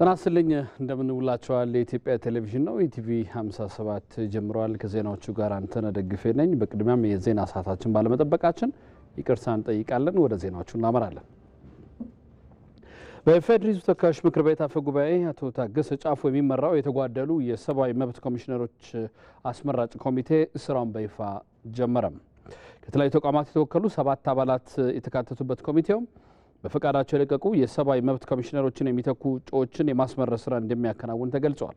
ጤና ይስጥልኝ እንደምንውላቸዋል። የኢትዮጵያ ቴሌቪዥን ነው። ኢቲቪ 57 ጀምረዋል። ከዜናዎቹ ጋር አንተነህ ደግፌ ነኝ። በቅድሚያም የዜና ሰዓታችን ባለመጠበቃችን ይቅርታ እንጠይቃለን። ወደ ዜናዎቹ እናመራለን። በኢፌዴሪ ሕዝብ ተወካዮች ምክር ቤት አፈ ጉባኤ አቶ ታገሰ ጫፎ የሚመራው የተጓደሉ የሰብአዊ መብት ኮሚሽነሮች አስመራጭ ኮሚቴ ስራውን በይፋ ጀመረም። ከተለያዩ ተቋማት የተወከሉ ሰባት አባላት የተካተቱበት ኮሚቴው በፈቃዳቸው የለቀቁ የሰብአዊ መብት ኮሚሽነሮችን የሚተኩ እጩዎችን የማስመረጥ ስራ እንደሚያከናውን ተገልጿል።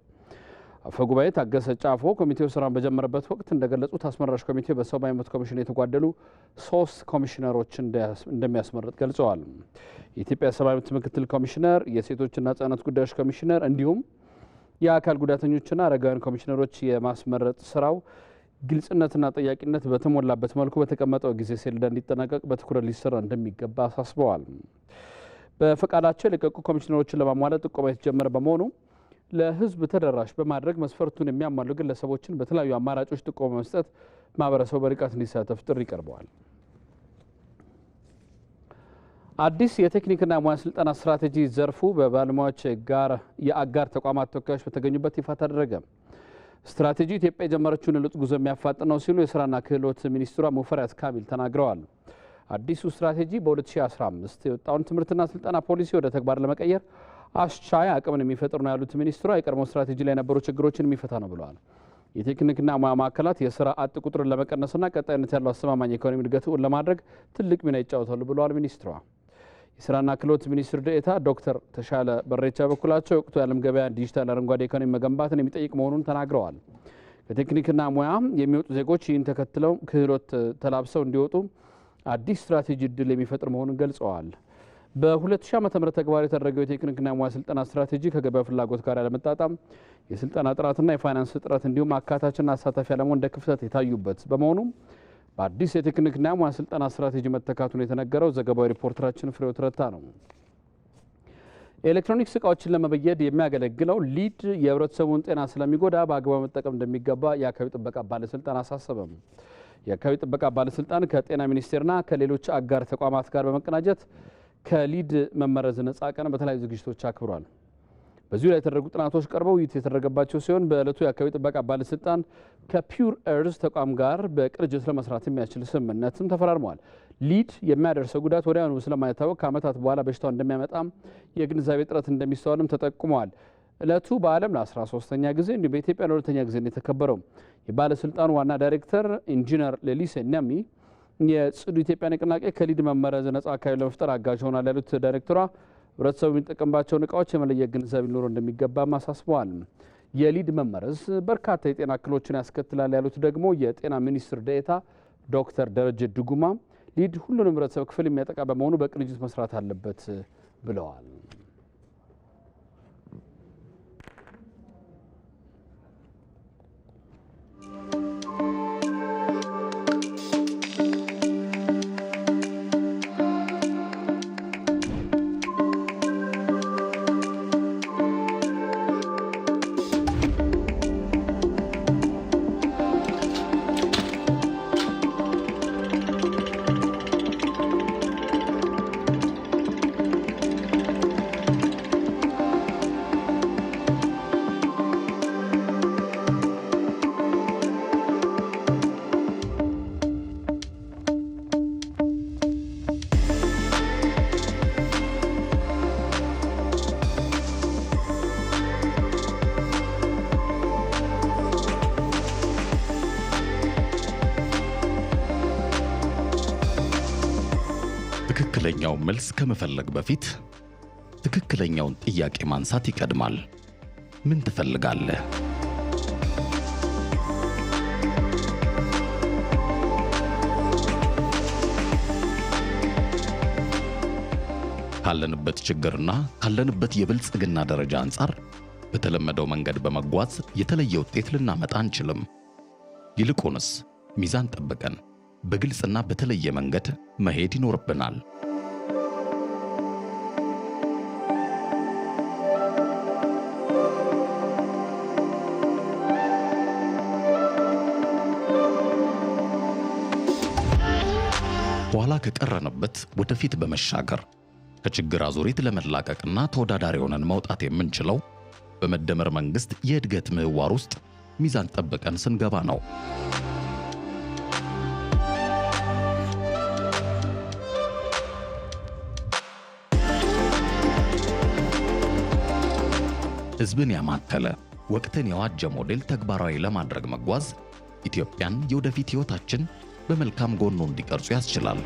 አፈ ጉባኤ ታገሰ ጫፎ ኮሚቴው ስራን በጀመረበት ወቅት እንደገለጹት አስመራጭ ኮሚቴው በሰብአዊ መብት ኮሚሽን የተጓደሉ ሶስት ኮሚሽነሮች እንደሚያስመርጥ ገልጸዋል። የኢትዮጵያ ሰብአዊ መብት ምክትል ኮሚሽነር፣ የሴቶችና ህጻናት ጉዳዮች ኮሚሽነር እንዲሁም የአካል ጉዳተኞችና አረጋውያን ኮሚሽነሮች የማስመረጥ ስራው ግልጽነትና ጠያቂነት በተሞላበት መልኩ በተቀመጠው ጊዜ ሰሌዳ እንዲጠናቀቅ በትኩረት ሊሰራ እንደሚገባ አሳስበዋል። በፈቃዳቸው የለቀቁ ኮሚሽነሮችን ለማሟላት ጥቆማ የተጀመረ በመሆኑ ለሕዝብ ተደራሽ በማድረግ መስፈርቱን የሚያሟሉ ግለሰቦችን በተለያዩ አማራጮች ጥቆማ መስጠት ማህበረሰቡ በንቃት እንዲሳተፍ ጥሪ ቀርበዋል። አዲስ የቴክኒክና ሙያ ስልጠና ስትራቴጂ ዘርፉ በባለሙያዎች ጋር የአጋር ተቋማት ተወካዮች በተገኙበት ይፋ ተደረገ። ስትራቴጂ ኢትዮጵያ የጀመረችውን የለውጥ ጉዞ የሚያፋጥን ነው ሲሉ የስራና ክህሎት ሚኒስትሯ ሙፈሪያት ካሚል ተናግረዋል። አዲሱ ስትራቴጂ በ2015 የወጣውን ትምህርትና ስልጠና ፖሊሲ ወደ ተግባር ለመቀየር አስቻይ አቅምን የሚፈጥር ነው ያሉት ሚኒስትሯ የቀድሞ ስትራቴጂ ላይ የነበሩ ችግሮችን የሚፈታ ነው ብለዋል። የቴክኒክና ሙያ ማዕከላት የስራ አጥ ቁጥርን ለመቀነስና ቀጣይነት ያለው አስተማማኝ ኢኮኖሚ እድገትን ለማድረግ ትልቅ ሚና ይጫወታሉ ብለዋል ሚኒስትሯ። የስራና ክህሎት ሚኒስትር ዴኤታ ዶክተር ተሻለ በሬቻ በኩላቸው የወቅቱ የዓለም ገበያ ዲጂታል አረንጓዴ ኢኮኖሚ መገንባትን የሚጠይቅ መሆኑን ተናግረዋል። ከቴክኒክና ሙያ የሚወጡ ዜጎች ይህን ተከትለው ክህሎት ተላብሰው እንዲወጡ አዲስ ስትራቴጂ እድል የሚፈጥር መሆኑን ገልጸዋል። በ2000 ም ተግባር የተደረገው የቴክኒክና ሙያ ስልጠና ስትራቴጂ ከገበያ ፍላጎት ጋር ያለመጣጣም፣ የስልጠና ጥራትና የፋይናንስ እጥረት እንዲሁም አካታችና አሳታፊ አለመሆን እንደ ክፍተት የታዩበት በመሆኑም በአዲስ የቴክኒክና ሙያ ስልጠና ስትራቴጂ መተካቱን የተነገረው ዘገባዊ ሪፖርተራችን ፍሬው ትረታ ነው። ኤሌክትሮኒክስ እቃዎችን ለመበየድ የሚያገለግለው ሊድ የህብረተሰቡን ጤና ስለሚጎዳ በአግባብ መጠቀም እንደሚገባ የአካባቢ ጥበቃ ባለስልጣን አሳሰበም። የአካባቢ ጥበቃ ባለስልጣን ከጤና ሚኒስቴርና ከሌሎች አጋር ተቋማት ጋር በመቀናጀት ከሊድ መመረዝ ነጻ ቀን በተለያዩ ዝግጅቶች አክብሯል። በዚሁ ላይ የተደረጉ ጥናቶች ቀርበው ውይይት የተደረገባቸው ሲሆን በዕለቱ የአካባቢ ጥበቃ ባለስልጣን ከፒውር ኤርዝ ተቋም ጋር በቅርጅት ለመስራት የሚያስችል ስምምነትም ተፈራርመዋል። ሊድ የሚያደርሰው ጉዳት ወዲያውኑ ስለማይታወቅ ከዓመታት በኋላ በሽታው እንደሚያመጣም የግንዛቤ ጥረት እንደሚስተዋልም ተጠቁመዋል። ዕለቱ በዓለም ለ13ኛ ጊዜ እንዲሁም በኢትዮጵያ ለሁለተኛ ጊዜ ነው የተከበረው። የባለስልጣኑ ዋና ዳይሬክተር ኢንጂነር ሌሊሴ ኒያሚ የጽዱ ኢትዮጵያ ንቅናቄ ከሊድ መመረዝ ነጻ አካባቢ ለመፍጠር አጋዥ ሆናል ያሉት ዳይሬክተሯ ህብረተሰቡ የሚጠቀምባቸውን እቃዎች የመለየት ግንዛቤ ሊኖረው እንደሚገባም አሳስበዋል። የሊድ መመረዝ በርካታ የጤና እክሎችን ያስከትላል ያሉት ደግሞ የጤና ሚኒስትር ዴኤታ ዶክተር ደረጀ ድጉማ ሊድ ሁሉንም ህብረተሰብ ክፍል የሚያጠቃ በመሆኑ በቅንጅት መስራት አለበት ብለዋል። መልስ ከመፈለግ በፊት ትክክለኛውን ጥያቄ ማንሳት ይቀድማል። ምን ትፈልጋለህ? ካለንበት ችግርና ካለንበት የብልጽግና ደረጃ አንጻር በተለመደው መንገድ በመጓዝ የተለየ ውጤት ልናመጣ አንችልም። ይልቁንስ ሚዛን ጠብቀን በግልጽና በተለየ መንገድ መሄድ ይኖርብናል። ኋላ ከቀረንበት ወደፊት በመሻገር ከችግር አዙሪት ለመላቀቅና ተወዳዳሪ ሆነን መውጣት የምንችለው በመደመር መንግስት የእድገት ምህዋር ውስጥ ሚዛን ጠብቀን ስንገባ ነው። ህዝብን ያማከለ ወቅትን የዋጀ ሞዴል ተግባራዊ ለማድረግ መጓዝ ኢትዮጵያን የወደፊት ህይወታችን በመልካም ጎኑ እንዲቀርጹ ያስችላል።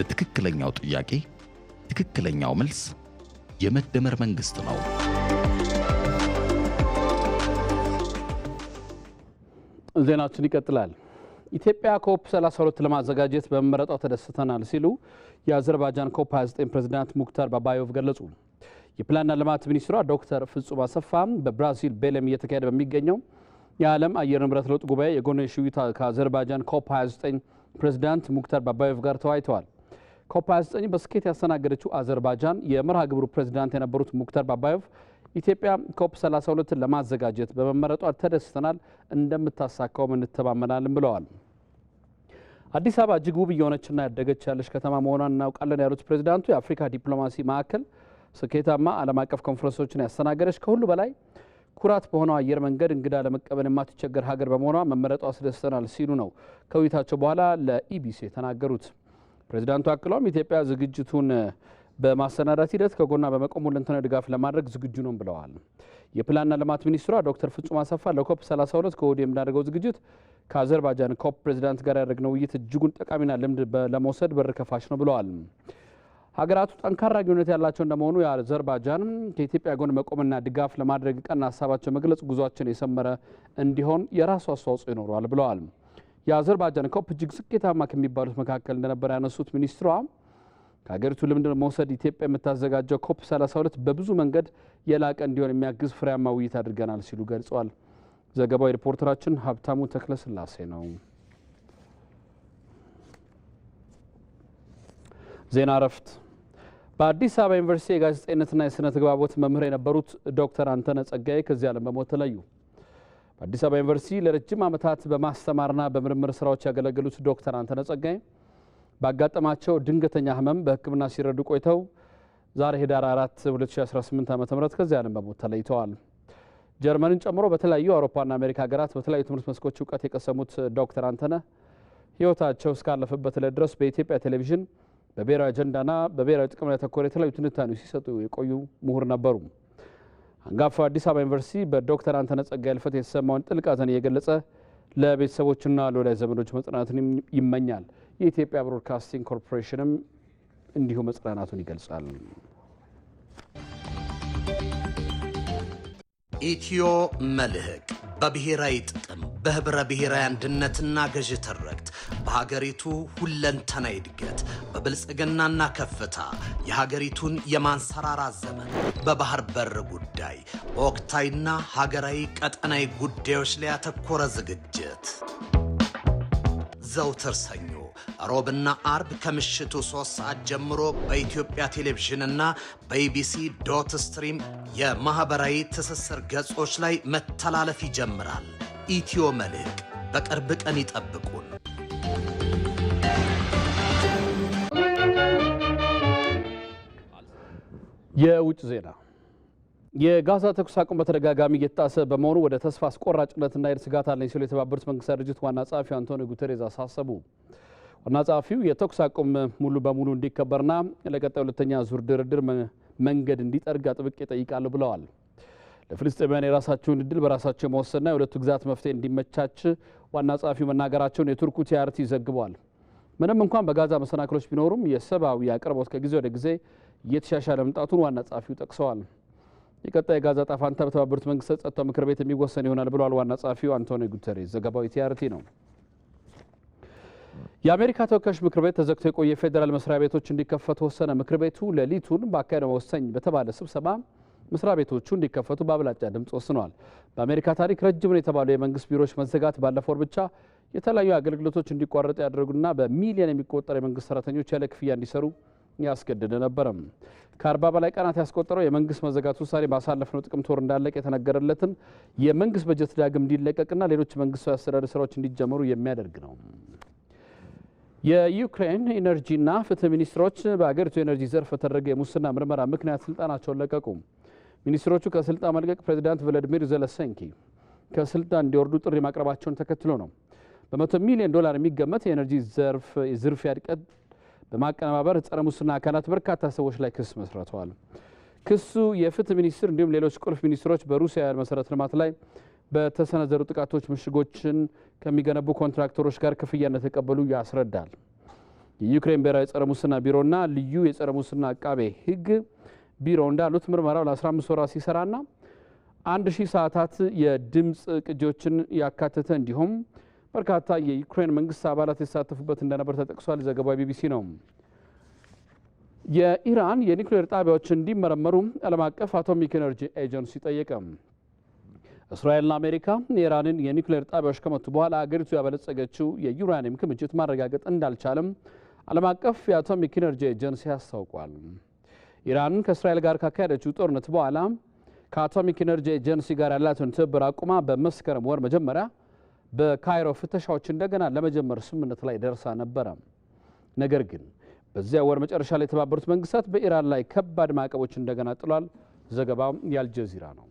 ለትክክለኛው ጥያቄ ትክክለኛው መልስ የመደመር መንግስት ነው። ዜናችን ይቀጥላል። ኢትዮጵያ ኮፕ 32 ለማዘጋጀት በመመረጧ ተደስተናል ሲሉ የአዘርባይጃን ኮፕ 29 ፕሬዚዳንት ሙክታር ባባዮቭ ገለጹ። የፕላንና ልማት ሚኒስትሯ ዶክተር ፍጹም አሰፋ በብራዚል ቤለም እየተካሄደ በሚገኘው የዓለም አየር ንብረት ለውጥ ጉባኤ የጎንዮሽ ውይይት ከአዘርባይጃን ኮፕ 29 ፕሬዚዳንት ሙክታር ባባዮቭ ጋር ተወያይተዋል። ኮፕ 29 በስኬት ያስተናገደችው አዘርባይጃን የመርሃ ግብሩ ፕሬዚዳንት የነበሩት ሙክታር ባባዮቭ ኢትዮጵያ ኮፕ 32ን ለማዘጋጀት በመመረጧ ተደስተናል፣ እንደምታሳካውም እንተማመናለን ብለዋል። አዲስ አበባ እጅግ ውብ እየሆነችና ያደገች ያለች ከተማ መሆኗን እናውቃለን ያሉት ፕሬዚዳንቱ የአፍሪካ ዲፕሎማሲ ማዕከል ስኬታማ ዓለም አቀፍ ኮንፈረንሶችን ያስተናገደች ከሁሉ በላይ ኩራት በሆነው አየር መንገድ እንግዳ ለመቀበል የማትቸገር ሀገር በመሆኗ መመረጧ አስደስተናል ሲሉ ነው ከውይይታቸው በኋላ ለኢቢሲ የተናገሩት። ፕሬዚዳንቱ አክለውም ኢትዮጵያ ዝግጅቱን በማሰናዳት ሂደት ከጎኗ በመቆም ሁለንተናዊ ድጋፍ ለማድረግ ዝግጁ ነው ብለዋል። የፕላንና ልማት ሚኒስትሯ ዶክተር ፍጹም አሰፋ ለኮፕ 32 ከወዲሁ የምናደርገው ዝግጅት ከአዘርባጃን ኮፕ ፕሬዚዳንት ጋር ያደረግነው ውይይት እጅጉን ጠቃሚና ልምድ ለመውሰድ በር ከፋች ነው ብለዋል። ሀገራቱ ጠንካራ ግንኙነት ያላቸው እንደመሆኑ የአዘርባጃን ከኢትዮጵያ ጎን መቆምና ድጋፍ ለማድረግ ቀና ሀሳባቸው መግለጽ ጉዟችን የሰመረ እንዲሆን የራሱ አስተዋጽኦ ይኖረዋል ብለዋል። የአዘርባጃን ኮፕ እጅግ ስኬታማ ከሚባሉት መካከል እንደነበረ ያነሱት ሚኒስትሯ ከሀገሪቱ ልምድ መውሰድ ኢትዮጵያ የምታዘጋጀው ኮፕ 32 በብዙ መንገድ የላቀ እንዲሆን የሚያግዝ ፍሬያማ ውይይት አድርገናል ሲሉ ገልጸዋል። ዘገባው የሪፖርተራችን ሀብታሙ ተክለስላሴ ነው። ዜና እረፍት በአዲስ አበባ ዩኒቨርሲቲ የጋዜጠኝነትና የስነ ተግባቦት መምህር የነበሩት ዶክተር አንተነ ጸጋዬ ከዚህ ዓለም በሞት ተለዩ። በአዲስ አበባ ዩኒቨርሲቲ ለረጅም ዓመታት በማስተማርና በምርምር ስራዎች ያገለገሉት ዶክተር አንተነ ጸጋዬ ባጋጠማቸው ድንገተኛ ህመም በሕክምና ሲረዱ ቆይተው ዛሬ ህዳር 4 2018 ዓ ም ከዚህ ዓለም በሞት ተለይተዋል። ጀርመንን ጨምሮ በተለያዩ አውሮፓና አሜሪካ ሀገራት በተለያዩ ትምህርት መስኮች እውቀት የቀሰሙት ዶክተር አንተነ ህይወታቸው እስካለፈበት ዕለት ድረስ በኢትዮጵያ ቴሌቪዥን በብሔራዊ አጀንዳና በብሔራዊ ጥቅም ላይ ተኮር የተለያዩ ትንታኔዎች ሲሰጡ የቆዩ ምሁር ነበሩ። አንጋፋ አዲስ አበባ ዩኒቨርሲቲ በዶክተር አንተነ ጸጋ ህልፈት የተሰማውን ጥልቅ ሐዘን እየገለጸ ለቤተሰቦችና ለወዳጅ ዘመዶች መጽናናትን ይመኛል። የኢትዮጵያ ብሮድካስቲንግ ኮርፖሬሽንም እንዲሁ መጽናናቱን ይገልጻል። ኢትዮ መልህቅ በብሔራዊ ጥቅም በህብረ ብሔራዊ አንድነትና ገዥ ትርክት በሀገሪቱ ሁለንተና እድገት በብልጽግናና ከፍታ የሀገሪቱን የማንሰራራት ዘመን በባህር በር ጉዳይ በወቅታዊና ሀገራዊ ቀጠናዊ ጉዳዮች ላይ ያተኮረ ዝግጅት ዘውትር ሰኞ ሮብና አርብ ከምሽቱ ሶስት ሰዓት ጀምሮ በኢትዮጵያ ቴሌቪዥንና በኢቢሲ ዶት ስትሪም የማኅበራዊ ትስስር ገጾች ላይ መተላለፍ ይጀምራል። ኢትዮ መልሕቅ በቅርብ ቀን ይጠብቁን። የውጭ ዜና የጋዛ ተኩስ አቁም በተደጋጋሚ እየተጣሰ በመሆኑ ወደ ተስፋ አስቆራጭነት የድ ስጋት አለኝ ሲሉ የተባበሩት መንግስታት ድርጅት ዋና ጸሐፊ አንቶኒ ጉተሬዝ አሳሰቡ። ዋና ጸሐፊው የተኩስ አቁም ሙሉ በሙሉ እንዲከበርና ለቀጣይ ሁለተኛ ዙር ድርድር መንገድ እንዲጠርግ አጥብቄ እጠይቃለሁ ብለዋል። ለፍልስጤማውያን የራሳቸውን እድል በራሳቸው የመወሰንና የሁለቱ ግዛት መፍትሄ እንዲመቻች ዋና ጸሐፊው መናገራቸውን የቱርኩ ቲአርቲ ዘግቧል። ምንም እንኳን በጋዛ መሰናክሎች ቢኖሩም የሰብአዊ አቅርቦት ከጊዜ ወደ ጊዜ እየተሻሻለ መምጣቱን ዋና ጸሐፊው ጠቅሰዋል። የቀጣይ የጋዛ ጣፋንታ በተባበሩት መንግስታት ጸጥታው ምክር ቤት የሚወሰን ይሆናል ብለዋል ዋና ጸሐፊው አንቶኒ ጉተሬስ። ዘገባው የቲአርቲ ነው። የአሜሪካ ተወካዮች ምክር ቤት ተዘግቶ የቆየ ፌዴራል መስሪያ ቤቶች እንዲከፈቱ ወሰነ። ምክር ቤቱ ሌሊቱን በአካሄደው ወሰኝ በተባለ ስብሰባ መስሪያ ቤቶቹ እንዲከፈቱ በአብላጫ ድምፅ ወስነዋል። በአሜሪካ ታሪክ ረጅም ነው የተባሉ የመንግስት ቢሮዎች መዘጋት ባለፈው ወር ብቻ የተለያዩ አገልግሎቶች እንዲቋረጡ ያደረጉና በሚሊዮን የሚቆጠሩ የመንግስት ሰራተኞች ያለ ክፍያ እንዲሰሩ ያስገደደ ነበረም። ከአርባ በላይ ቀናት ያስቆጠረው የመንግስት መዘጋት ውሳኔ ባሳለፍነው ጥቅምት ወር እንዳለቀ የተነገረለትን የመንግስት በጀት ዳግም እንዲለቀቅና ሌሎች መንግስታዊ አስተዳደር ስራዎች እንዲጀመሩ የሚያደርግ ነው። የዩክሬን ኢነርጂና ፍትህ ሚኒስትሮች በሀገሪቱ የኤነርጂ ዘርፍ በተደረገ የሙስና ምርመራ ምክንያት ስልጣናቸውን ለቀቁ። ሚኒስትሮቹ ከስልጣን መልቀቅ ፕሬዚዳንት ቮሎዲሚር ዘለሰንኪ ከስልጣን እንዲወርዱ ጥሪ ማቅረባቸውን ተከትሎ ነው። በመቶ ሚሊዮን ዶላር የሚገመት የኤነርጂ ዘርፍ የዝርፊያ ዕቅድ በማቀነባበር ጸረ ሙስና አካላት በርካታ ሰዎች ላይ ክስ መስረተዋል። ክሱ የፍትህ ሚኒስትር እንዲሁም ሌሎች ቁልፍ ሚኒስትሮች በሩሲያ መሰረተ ልማት ላይ በተሰነዘሩ ጥቃቶች ምሽጎችን ከሚገነቡ ኮንትራክተሮች ጋር ክፍያ እንደተቀበሉ ያስረዳል። የዩክሬን ብሔራዊ የጸረ ሙስና ቢሮና ልዩ የጸረ ሙስና አቃቤ ሕግ ቢሮ እንዳሉት ምርመራው ለ15 ወራት ሲሰራና አንድ ሺህ ሰዓታት የድምፅ ቅጂዎችን ያካተተ እንዲሁም በርካታ የዩክሬን መንግስት አባላት የተሳተፉበት እንደነበር ተጠቅሷል። ዘገባ ቢቢሲ ነው። የኢራን የኒውክሌር ጣቢያዎች እንዲመረመሩ ዓለም አቀፍ አቶሚክ ኤነርጂ ኤጀንሲ ጠየቀ። እስራኤልና አሜሪካ የኢራንን የኒውክሌር ጣቢያዎች ከመቱ በኋላ አገሪቱ ያበለጸገችው የዩራኒየም ክምችት ማረጋገጥ እንዳልቻለም ዓለም አቀፍ የአቶሚክ ኢነርጂ ኤጀንሲ አስታውቋል። ኢራን ከእስራኤል ጋር ካካሄደችው ጦርነት በኋላ ከአቶሚክ ኢነርጂ ኤጀንሲ ጋር ያላትን ትብብር አቁማ በመስከረም ወር መጀመሪያ በካይሮ ፍተሻዎች እንደገና ለመጀመር ስምምነት ላይ ደርሳ ነበረ። ነገር ግን በዚያ ወር መጨረሻ ላይ የተባበሩት መንግስታት በኢራን ላይ ከባድ ማዕቀቦች እንደገና ጥሏል። ዘገባው የአልጀዚራ ነው።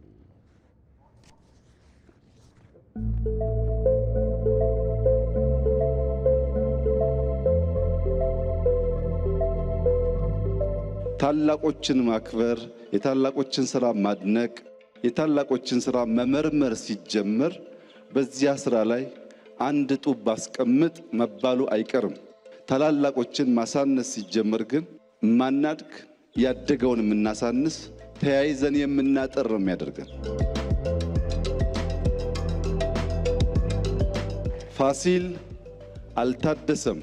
ታላቆችን ማክበር፣ የታላቆችን ስራ ማድነቅ፣ የታላቆችን ስራ መመርመር ሲጀመር በዚያ ስራ ላይ አንድ ጡብ ባስቀምጥ መባሉ አይቀርም። ታላላቆችን ማሳነስ ሲጀመር ግን ማናድግ ያደገውን የምናሳንስ ተያይዘን የምናጠር ነው የሚያደርገን። ፋሲል አልታደሰም፣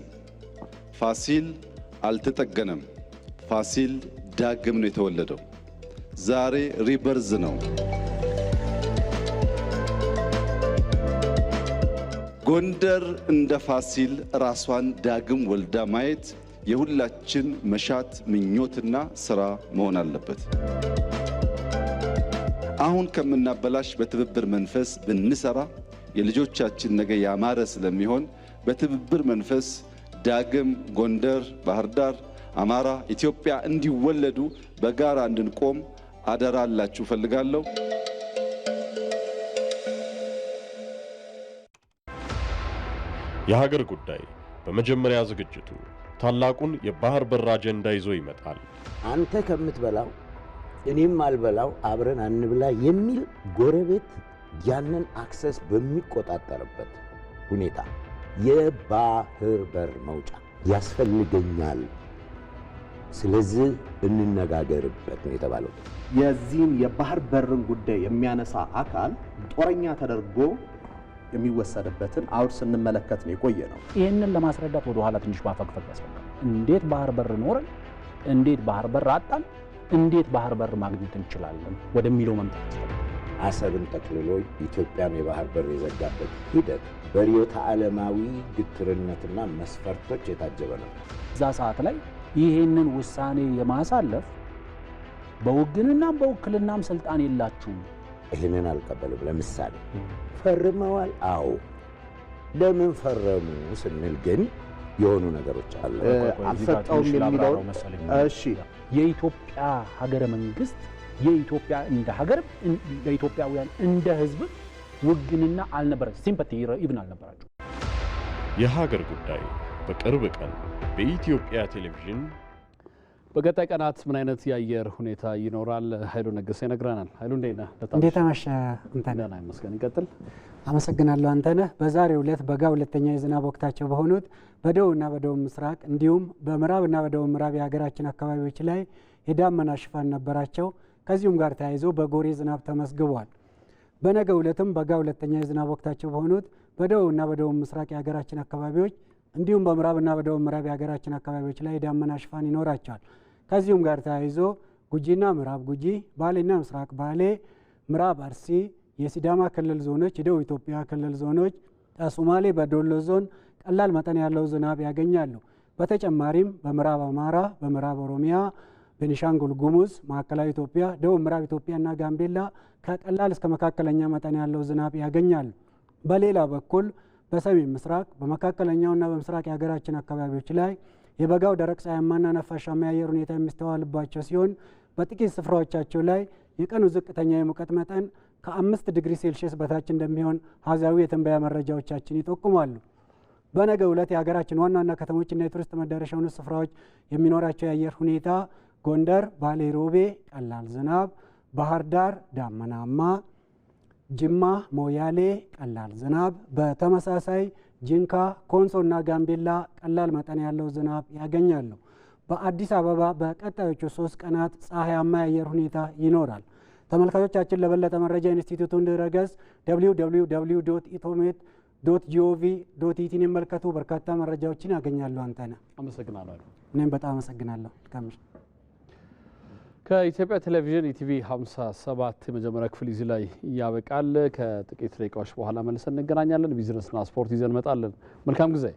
ፋሲል አልተጠገነም፣ ፋሲል ዳግም ነው የተወለደው። ዛሬ ሪበርዝ ነው። ጎንደር እንደ ፋሲል ራሷን ዳግም ወልዳ ማየት የሁላችን መሻት ምኞትና ስራ መሆን አለበት። አሁን ከምናበላሽ በትብብር መንፈስ ብንሰራ የልጆቻችን ነገ ያማረ ስለሚሆን በትብብር መንፈስ ዳግም ጎንደር፣ ባህር ዳር፣ አማራ፣ ኢትዮጵያ እንዲወለዱ በጋራ እንድንቆም አደራላችሁ አላችሁ ፈልጋለሁ። የሀገር ጉዳይ በመጀመሪያ ዝግጅቱ ታላቁን የባህር በር አጀንዳ ይዞ ይመጣል። አንተ ከምትበላው እኔም አልበላው አብረን አንብላ የሚል ጎረቤት ያንን አክሰስ በሚቆጣጠርበት ሁኔታ የባህር በር መውጫ ያስፈልገኛል፣ ስለዚህ እንነጋገርበት ነው የተባለው። የዚህን የባህር በርን ጉዳይ የሚያነሳ አካል ጦረኛ ተደርጎ የሚወሰድበትን አውድ ስንመለከት ነው የቆየ ነው። ይህንን ለማስረዳት ወደ ኋላ ትንሽ ማፈግፈግ ያስፈልጋል። እንዴት ባህር በር ኖረን፣ እንዴት ባህር በር አጣን፣ እንዴት ባህር በር ማግኘት እንችላለን ወደሚለው መምጣት ያስፈልጋል። አሰብን ጠቅልሎ ኢትዮጵያን የባህር በር የዘጋበት ሂደት በርዕዮተ ዓለማዊ ግትርነትና መስፈርቶች የታጀበ ነው። እዛ ሰዓት ላይ ይህንን ውሳኔ የማሳለፍ በውግንናም በውክልናም ስልጣን የላችሁም፣ ይህንን አልቀበልም። ለምሳሌ ፈርመዋል። አዎ ለምን ፈረሙ ስንል ግን የሆኑ ነገሮች አለ። አልሰጠውም የሚለው እሺ የኢትዮጵያ ሀገረ መንግስት የኢትዮጵያ እንደ ሀገር ለኢትዮጵያውያን እንደ ህዝብ ውግንና አልነበረ፣ ሲምፓቲ ይብን አልነበራቸው። የሀገር ጉዳይ በቅርብ ቀን በኢትዮጵያ ቴሌቪዥን በቀጣይ ቀናት ምን አይነት የአየር ሁኔታ ይኖራል? ኃይሉ ነገሰ ይነግረናል። ኃይሉ እንዴት አመሸ? እንተና ይመስገን። ይቀጥል። አመሰግናለሁ አንተነህ። በዛሬው ዕለት በጋ ሁለተኛ የዝናብ ወቅታቸው በሆኑት በደቡብና በደቡብ ምስራቅ እንዲሁም በምዕራብና በደቡብ ምዕራብ የሀገራችን አካባቢዎች ላይ የዳመና ሽፋን ነበራቸው። ከዚሁም ጋር ተያይዞ በጎሬ ዝናብ ተመዝግቧል። በነገ ዕለትም በጋ ሁለተኛ የዝናብ ወቅታቸው በሆኑት በደቡብና በደቡብ ምስራቅ የሀገራችን አካባቢዎች እንዲሁም በምዕራብና በደቡብ ምዕራብ የሀገራችን አካባቢዎች ላይ የዳመና ሽፋን ይኖራቸዋል። ከዚሁም ጋር ተያይዞ ጉጂና ምዕራብ ጉጂ፣ ባሌና ምስራቅ ባሌ፣ ምዕራብ አርሲ፣ የሲዳማ ክልል ዞኖች፣ የደቡብ ኢትዮጵያ ክልል ዞኖች፣ ሶማሌ በዶሎ ዞን ቀላል መጠን ያለው ዝናብ ያገኛሉ። በተጨማሪም በምዕራብ አማራ፣ በምዕራብ ኦሮሚያ ቤኒሻንጉል ጉሙዝ፣ ማዕከላዊ ኢትዮጵያ፣ ደቡብ ምዕራብ ኢትዮጵያና ጋምቤላ ከቀላል እስከ መካከለኛ መጠን ያለው ዝናብ ያገኛሉ። በሌላ በኩል በሰሜን ምስራቅ በመካከለኛውና በምስራቅ የሀገራችን አካባቢዎች ላይ የበጋው ደረቅ ፀሐያማና ነፋሻማ የአየር ሁኔታ የሚስተዋልባቸው ሲሆን በጥቂት ስፍራዎቻቸው ላይ የቀኑ ዝቅተኛ የሙቀት መጠን ከአምስት ዲግሪ ሴልሽስ በታች እንደሚሆን ሀዛዊ የትንበያ መረጃዎቻችን ይጠቁማሉ። በነገ ዕለት የሀገራችን ዋና ዋና ከተሞችና የቱሪስት መዳረሻ የሆኑ ስፍራዎች የሚኖራቸው የአየር ሁኔታ ጎንደር ባሌ ሮቤ ቀላል ዝናብ፣ ባህር ዳር ዳመናማ፣ ጅማ ሞያሌ ቀላል ዝናብ። በተመሳሳይ ጂንካ፣ ኮንሶና ጋምቤላ ቀላል መጠን ያለው ዝናብ ያገኛሉ። በአዲስ አበባ በቀጣዮቹ ሶስት ቀናት ፀሐያማ የአየር ሁኔታ ይኖራል። ተመልካቾቻችን ለበለጠ መረጃ ኢንስቲትዩቱን ድረገጽ www ኢትዮሜት ዶት ጂኦቪ ዶት ኢቲን የመልከቱ በርካታ መረጃዎችን ያገኛሉ። አንተነህ፣ አመሰግናለሁ። እኔም በጣም አመሰግናለሁ። ከኢትዮጵያ ቴሌቪዥን ኢቲቪ 57 የመጀመሪያ ክፍል እዚህ ላይ ያበቃል። ከጥቂት ደቂቃዎች በኋላ መልሰን እንገናኛለን። ቢዝነስና ስፖርት ይዘን እንመጣለን። መልካም ጊዜ